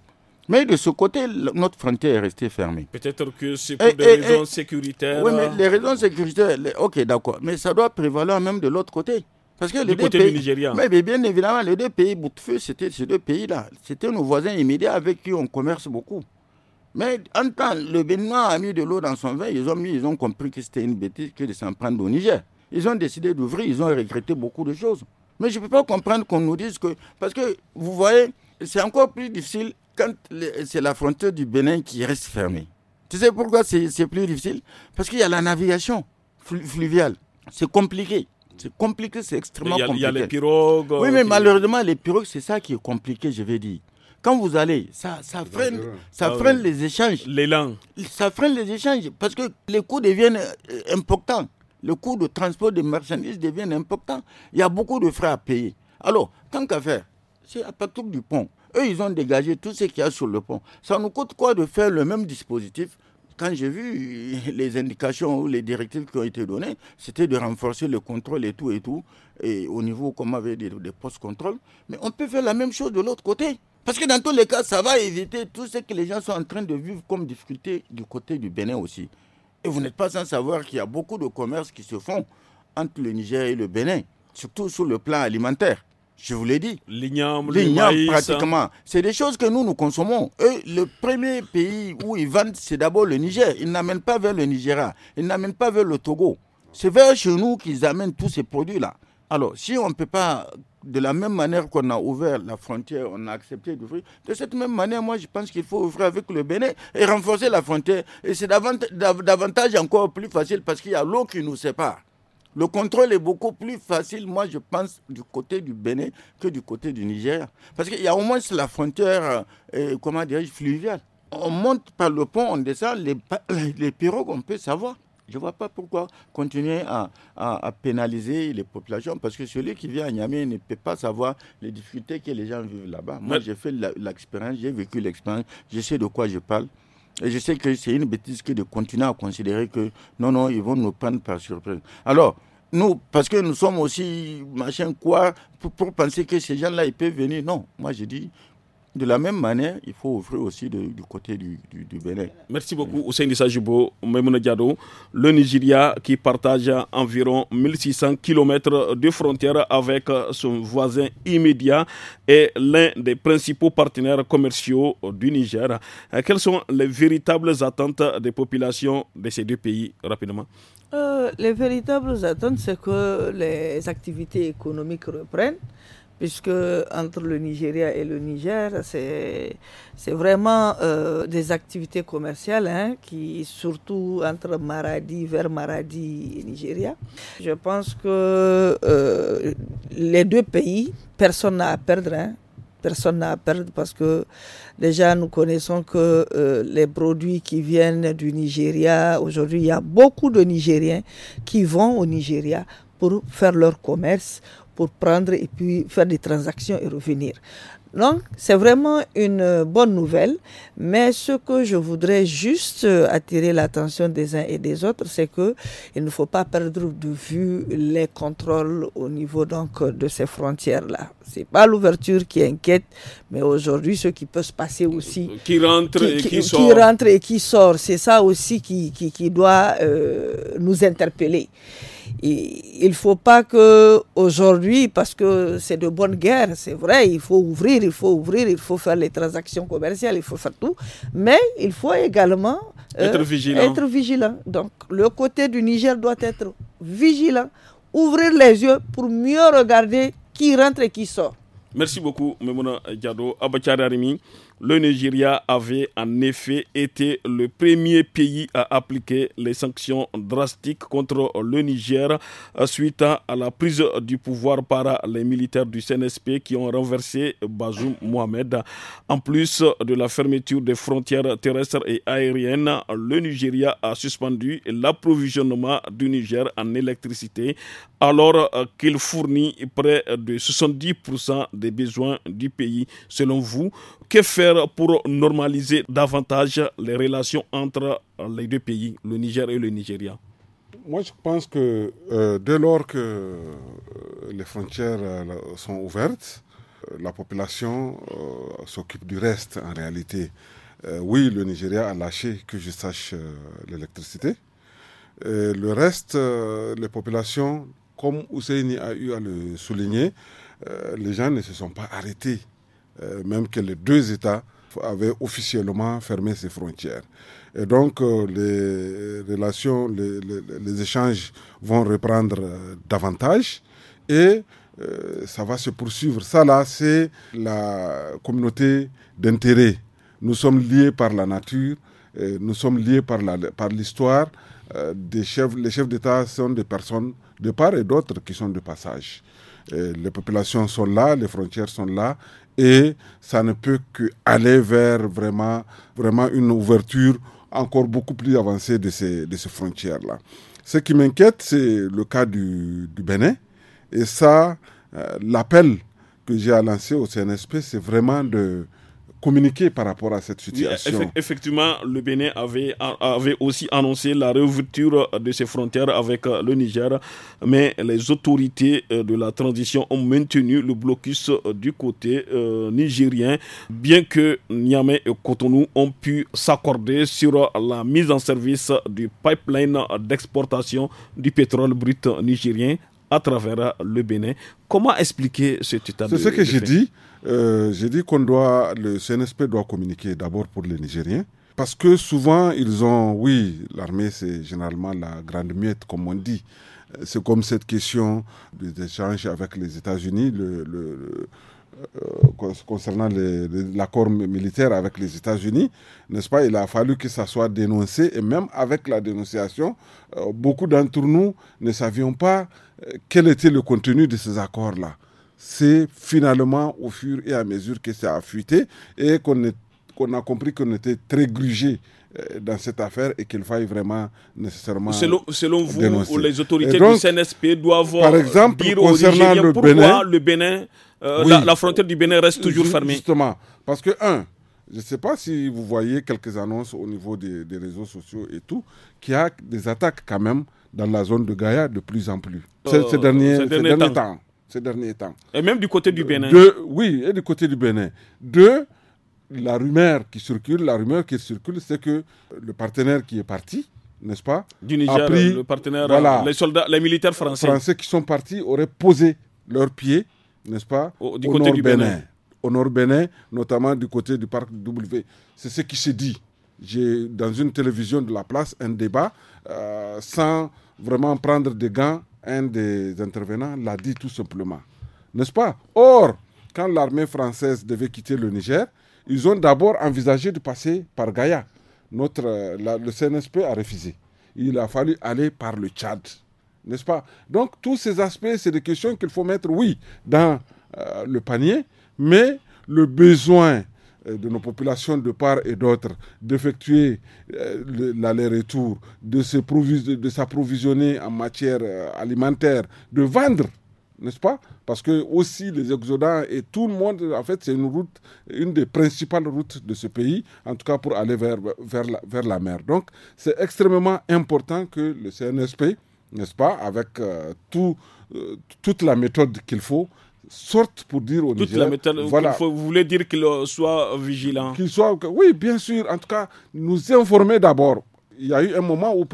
Speaker 4: Mais de ce côté, notre frontière est restée fermée.
Speaker 1: Peut-être que c'est pour des raisons sécuritaires. Oui, mais hein.
Speaker 4: les raisons sécuritaires, ok, d'accord. Mais ça doit prévaloir même de l'autre côté. Parce que du les côté du Nigeria. Mais, bien évidemment, les deux pays feu, c'était ces deux pays-là. C'était nos voisins immédiats avec qui on commerce beaucoup. Mais en temps, le Bénin a mis de l'eau dans son vin, ils ont, ils ont compris que c'était une bêtise que de s'en prendre au Niger. Ils ont décidé d'ouvrir, ils ont regretté beaucoup de choses. Mais je ne peux pas comprendre qu'on nous dise que. Parce que, vous voyez, c'est encore plus difficile c'est la frontière du Bénin qui reste fermée. Tu sais pourquoi c'est plus difficile Parce qu'il y a la navigation fluviale. C'est compliqué. C'est compliqué, c'est extrêmement compliqué. Il y a les
Speaker 1: pirogues. Oui, mais euh,
Speaker 4: malheureusement, les pirogues, c'est ça qui est compliqué, je vais dire. Quand vous allez, ça, freine, ça ah freine les échanges. L'élan. Ça freine les échanges parce que les coûts deviennent euh, importants. Le coût de transport des marchandises devient important. Il y a beaucoup de frais à payer. Alors, tant qu'à faire, c'est à patrouille du pont. Eux, ils ont dégagé tout ce qu'il y a sur le pont. Ça nous coûte quoi de faire le même dispositif quand j'ai vu les indications ou les directives qui ont été données, c'était de renforcer le contrôle et tout et tout, et au niveau, comme avait des, des postes contrôle. Mais on peut faire la même chose de l'autre côté. Parce que dans tous les cas, ça va éviter tout ce que les gens sont en train de vivre comme difficulté du côté du Bénin aussi. Et vous n'êtes pas sans savoir qu'il y a beaucoup de commerces qui se font entre le Niger et le Bénin, surtout sur le plan alimentaire. Je vous l'ai dit.
Speaker 1: L'igname, le hein. pratiquement.
Speaker 4: C'est des choses que nous, nous consommons. Et le premier pays où ils vendent, c'est d'abord le Niger. Ils n'amènent pas vers le Nigeria. Ils n'amènent pas vers le Togo. C'est vers chez nous qu'ils amènent tous ces produits-là. Alors, si on ne peut pas, de la même manière qu'on a ouvert la frontière, on a accepté d'ouvrir, de cette même manière, moi, je pense qu'il faut ouvrir avec le Bénin et renforcer la frontière. Et c'est davantage, davantage encore plus facile parce qu'il y a l'eau qui nous sépare. Le contrôle est beaucoup plus facile, moi je pense, du côté du Bénin que du côté du Niger. Parce qu'il y a au moins la frontière, euh, euh, comment dirais-je, fluviale. On monte par le pont, on descend, les, pirogues, on peut savoir. Je ne vois pas pourquoi continuer à, à, à, pénaliser les populations, parce que celui qui vient à Niamey ne peut pas savoir les difficultés que les gens vivent là-bas. Moi, j'ai fait l'expérience, j'ai vécu l'expérience, je sais de quoi je parle. Et je sais que c'est une bêtise que de continuer à considérer que non, non, ils vont nous prendre par surprise. Alors, nous, parce que nous sommes aussi machin quoi, pour, penser que ces gens-là, ils peuvent venir. Non, moi je dis, de la même manière, il faut ouvrir
Speaker 1: aussi du côté du, du, Bénin. Merci beaucoup, Hussein Sajibo, Memouna Diado. Le Nigeria qui partage environ 1600 km de frontière avec son voisin immédiat est l'un des principaux partenaires commerciaux du Niger. Euh, quelles sont les véritables attentes des populations de ces deux pays rapidement
Speaker 2: euh, Les véritables attentes, c'est que les activités économiques reprennent puisque entre le Nigeria et le Niger, c'est vraiment euh, des activités commerciales, hein, qui surtout entre Maradi, vers Maradi et Nigeria. Je pense que euh, les deux pays, personne n'a à perdre. Hein, personne n'a à perdre parce que déjà nous connaissons que euh, les produits qui viennent du Nigeria, aujourd'hui il y a beaucoup de Nigériens qui vont au Nigeria pour faire leur commerce pour prendre et puis faire des transactions et revenir. Donc, c'est vraiment une bonne nouvelle, mais ce que je voudrais juste euh, attirer l'attention des uns et des autres, c'est que il ne faut pas perdre de vue les contrôles au niveau donc de ces frontières-là. C'est pas l'ouverture qui inquiète, mais aujourd'hui, ce qui peut se passer aussi. Euh, qui rentre et qui, sort. Qui rentre et qui sort. C'est ça aussi qui, qui, doit euh, nous interpeller il ne faut pas que aujourd'hui, parce que c'est de bonne guerre, c'est vrai, il faut ouvrir, il faut ouvrir, il faut faire les transactions commerciales, il faut faire tout, mais il faut également euh, être, vigilant. Donc le côté du Niger doit être vigilant, ouvrir les yeux pour mieux regarder qui rentre et qui sort.
Speaker 1: Merci beaucoup, Memona Diado. Le Nigeria avait en effet été le premier pays à appliquer les sanctions drastiques contre le Niger euh, suite à la prise du pouvoir par les militaires du CNSP qui ont renversé Bazoum Mohamed. En plus de la fermeture des frontières terrestres et aériennes, le Nigeria a suspendu l'approvisionnement du Niger en électricité alors euh, qu'il fournit près de 70% des besoins du pays. Selon vous, que faire pour normaliser davantage les relations entre les deux pays, le Niger et le Nigeria
Speaker 3: Moi, je pense que euh, dès lors que euh, les frontières euh, sont ouvertes, la population s'occupe du reste en réalité. oui, le Nigeria a lâché, que je sache, l'électricité. Le reste, les populations, comme Ousseini a eu à le souligner, les gens ne se sont pas arrêtés euh, même que les deux États avaient officiellement fermé ses frontières. Et donc euh, les relations, les, échanges vont reprendre euh, davantage et ça va se poursuivre. Ça là, c'est la communauté d'intérêt. Nous sommes liés par la nature, nous sommes liés par l'histoire. Par chefs, les chefs d'État sont des personnes de part et d'autre qui sont de passage. les populations sont là, les frontières sont là, et ça ne peut qu'aller vers vraiment, vraiment une ouverture encore beaucoup plus avancée de ces, de ces frontières-là. Ce qui m'inquiète, c'est le cas du, du, Bénin. Et ça, euh, l'appel que j'ai à lancer au CNSP, c'est vraiment de, communiquer par rapport à cette situation.
Speaker 1: effectivement, le Bénin avait, avait aussi annoncé la réouverture euh, de ses frontières avec euh, le Niger, mais les autorités euh, de la transition ont maintenu le blocus du côté nigérien, bien que Niamey et Cotonou ont pu s'accorder sur la mise en service du pipeline d'exportation du pétrole brut nigérien à travers le Bénin. Comment expliquer cet état C'est ce que j'ai dit.
Speaker 3: Euh, j'ai dit qu'on doit, le CNSP doit communiquer d'abord pour les Nigériens. Parce que souvent, ils ont, oui, l'armée, c'est généralement la grande miette comme on dit. C'est comme cette question des échanges avec les États-Unis, euh, concernant l'accord militaire avec les États-Unis, n'est-ce pas Il a fallu que ça soit dénoncé et même avec la dénonciation, euh, beaucoup d'entre nous ne savions pas quel était le contenu de ces accords-là c'est finalement au fur et à mesure que ça a fuité et qu'on qu'on a compris qu'on était très grugé euh, dans cette affaire et qu'il faille vraiment nécessairement. Selon, selon vous, les autorités du
Speaker 1: CNSP doivent par exemple, dire concernant aux le Bénin, euh, le la, frontière du Bénin reste toujours fermée.
Speaker 3: Justement, parce que, un, je ne sais pas si vous voyez quelques annonces au niveau des, réseaux sociaux et tout, qu'il y a des attaques quand même dans la zone de Gaïa de plus en plus. ces, euh, derniers, ces, derniers, temps ces derniers temps.
Speaker 1: Et même du côté du Bénin.
Speaker 3: oui, et du côté du Bénin. Deux, la rumeur qui circule, la rumeur qui circule, c'est que le partenaire qui est parti, n'est-ce pas Du Niger, le partenaire, les
Speaker 1: soldats, les militaires français. Français
Speaker 3: qui sont partis auraient posé leurs pieds, n'est-ce pas Au, du côté nord du Bénin. Au nord Bénin, notamment du côté du parc W. C'est ce qui se dit. J'ai dans une télévision de la place un débat euh, sans vraiment prendre des gants un des intervenants l'a dit tout simplement. N'est-ce pas Or, quand l'armée française devait quitter le Niger, ils ont d'abord envisagé de passer par Gaïa. Notre, euh, le CNSP a refusé. Il a fallu aller par le Tchad. N'est-ce pas Donc, tous ces aspects, c'est des questions qu'il faut mettre, oui, dans euh, le panier, mais le besoin euh, de nos populations de part et d'autre, d'effectuer euh, l'aller-retour, de, de s'approvisionner en matière euh, alimentaire, de vendre n'est-ce pas Parce que aussi les exodants et tout le monde, en fait, c'est une route, une des principales routes de ce pays, en tout cas pour aller vers, vers, la, vers la mer. Donc, c'est extrêmement important que le CNSP, n'est-ce pas, avec tout, toute la méthode qu'il faut, sortent pour dire au Nigériens... voilà, vous
Speaker 1: voulez dire qu'ils soit vigilant
Speaker 3: soit, oui, bien sûr. En tout cas, nous informer d'abord. Il y a eu un moment où,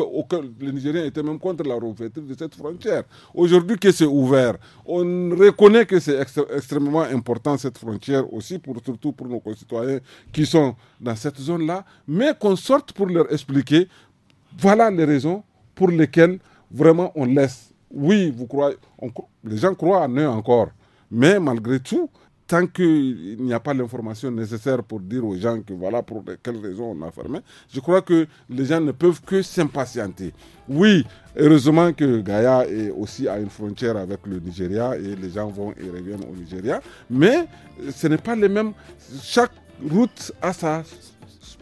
Speaker 3: les Nigériens étaient même contre la rouverture de cette frontière. Aujourd'hui que c'est ouvert, on reconnaît que c'est extrêmement important cette frontière aussi, pour, surtout pour nos concitoyens qui sont dans cette zone-là, mais qu'on sorte pour leur expliquer, voilà les raisons pour lesquelles vraiment on laisse. Oui, vous croyez, les gens croient en eux encore. Mais malgré tout, tant qu'il n'y a pas l'information nécessaire pour dire aux gens que voilà pour quelles raisons on a fermé, je crois que les gens ne peuvent que s'impatienter. Oui, heureusement que Gaïa est aussi à une frontière avec le Nigeria et les gens vont et reviennent au Nigeria, mais ce n'est pas les mêmes. Chaque route a sa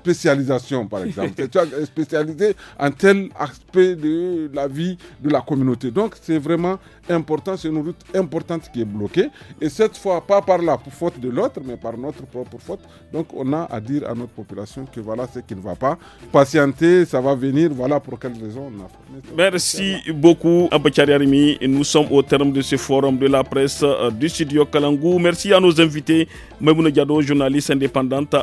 Speaker 3: spécialisation, par exemple. tu as spécialisé en tel aspect de la vie de la communauté. Donc, c'est vraiment important, c'est une route importante qui est bloquée. Et cette fois, pas par la faute de l'autre, mais par notre propre faute. Donc, on a à dire à notre population que voilà ce qui ne va pas. Patienter, ça va venir, voilà pour quelle raison on a
Speaker 1: Merci beaucoup, Abachariarimi. Nous sommes au terme de ce forum de la presse euh, du studio Kalangou. Merci à nos invités, Mamouna Diado, journaliste indépendante,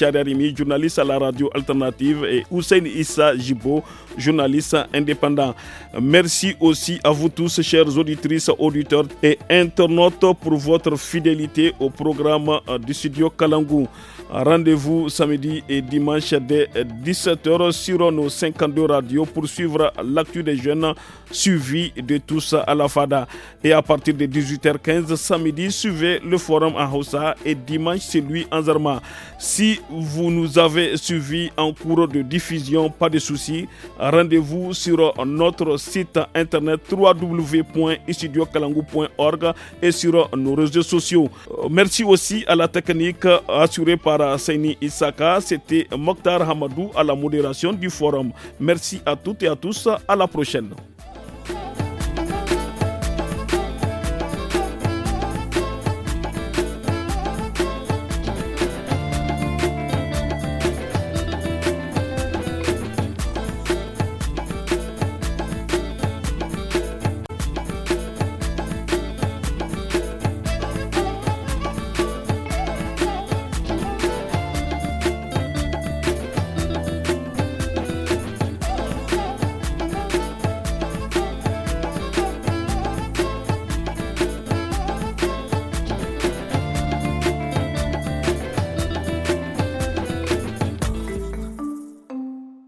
Speaker 1: Arimi, journaliste à la radio alternative, et Hussein Issa Jibo, journaliste indépendant. Merci aussi à vous tous, chers auditrices, auditeurs et internautes, pour votre fidélité au programme euh, du studio Kalangou. Rendez-vous samedi et dimanche dès 17h sur nos 52 radios pour suivre l'actu des jeunes suivis de tous à la FADA. Et à partir de 18h15 samedi, suivez le forum à Hausa et dimanche celui en Zarma. Si vous nous avez suivi en cours de diffusion, pas de soucis, Rendez-vous sur notre site internet www.istudiocalangu.org et sur nos réseaux sociaux. Euh, merci aussi à la technique assurée par Saini Isaka. C'était Mokhtar Hamadou à la modération du forum. Merci à toutes et à tous. À la prochaine.